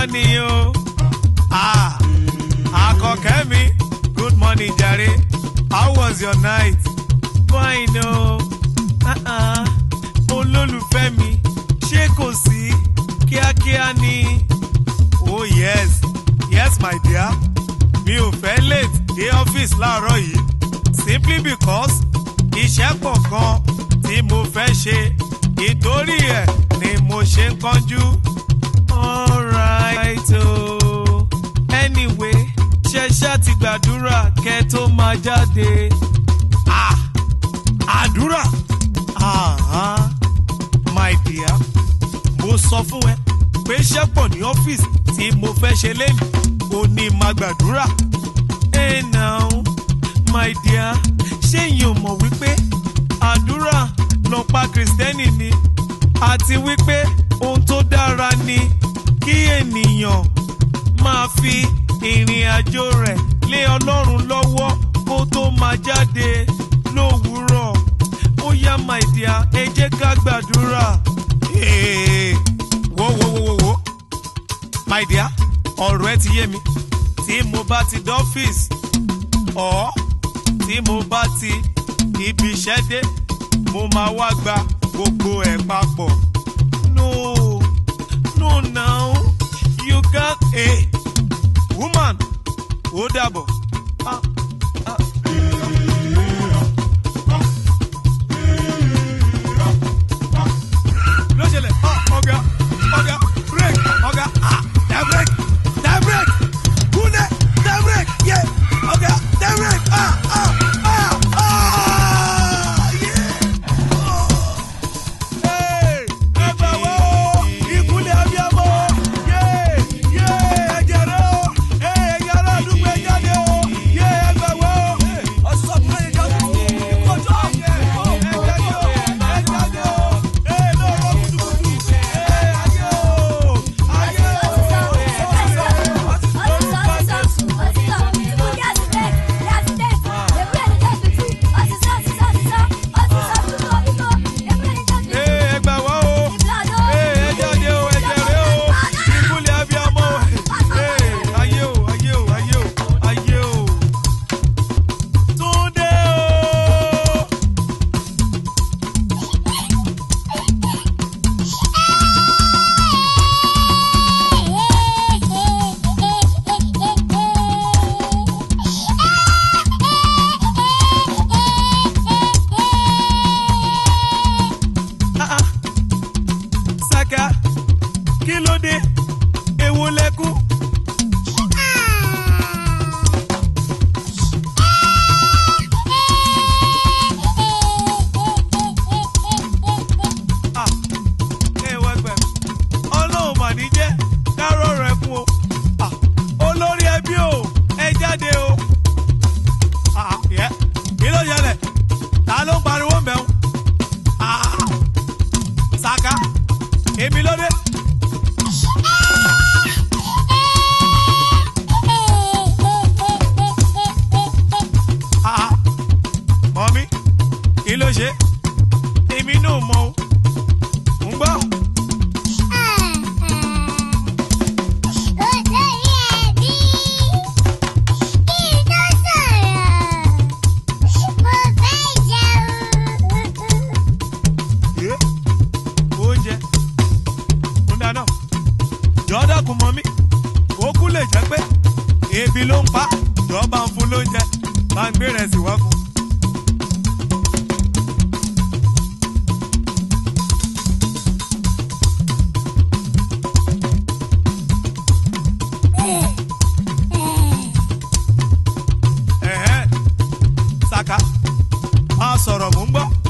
morning o. Ah, Akokemi, good morning jare. How was your night? Fine o. Uh-uh. Olólùfẹ́ mi, ṣé kò sí kíákíá ni? Oh yes, yes my dear. Mi ò fẹ́ late dé ọ́fíìsì láàárọ̀ yìí simply because iṣẹ́ pọ̀ gan tí mo fẹ́ ṣe ìtorí ẹ̀ ni mo ṣe ń kánjú. Oh right Oh. anyway ṣẹṣẹ ti gbàdúrà kẹ́ tó máa jáde. ah àdúrà ah my dear mo sọ fún ẹ pé iṣẹ́ pọ̀ ní ọ́fíìsì tí mo fẹ́ ṣe lẹ́yìn o ní máa gbàdúrà. hey now my dear ṣé ìyẹn ò mọ̀ wípé àdúrà lọ́pàá kìrìsìtẹ́nì ni àti wípé ohun tó dára ni kí ènìyàn máa fi ìrìn àjò rẹ̀ lé Ọlọ́run lọ́wọ́ kó tó máa jáde lówùúrọ̀ ó yá my dear ẹ jẹ́ ká gbàdúrà. wo wo wo wo my dear ọ̀rọ̀ ẹ ti yé mi tí mo bá ti dọ́fíìsì ọ̀ tí mo bá ti ibi iṣẹ́ dé mo máa wá gba gbogbo ẹ̀ papọ̀. no no na Hey, eh, woman oh double, Ah. rìsíìtì wá fún. Saka, a sọ̀rọ̀ mò ń gbọ́.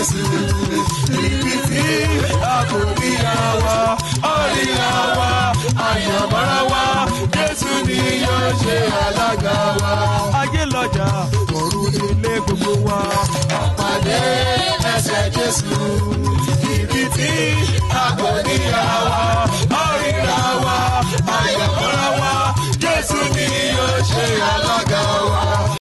Jésù níbi tí a kò ríra wa ó ríra wa àyànmọ́ra wa Jésù ni yóò ṣe alága wa.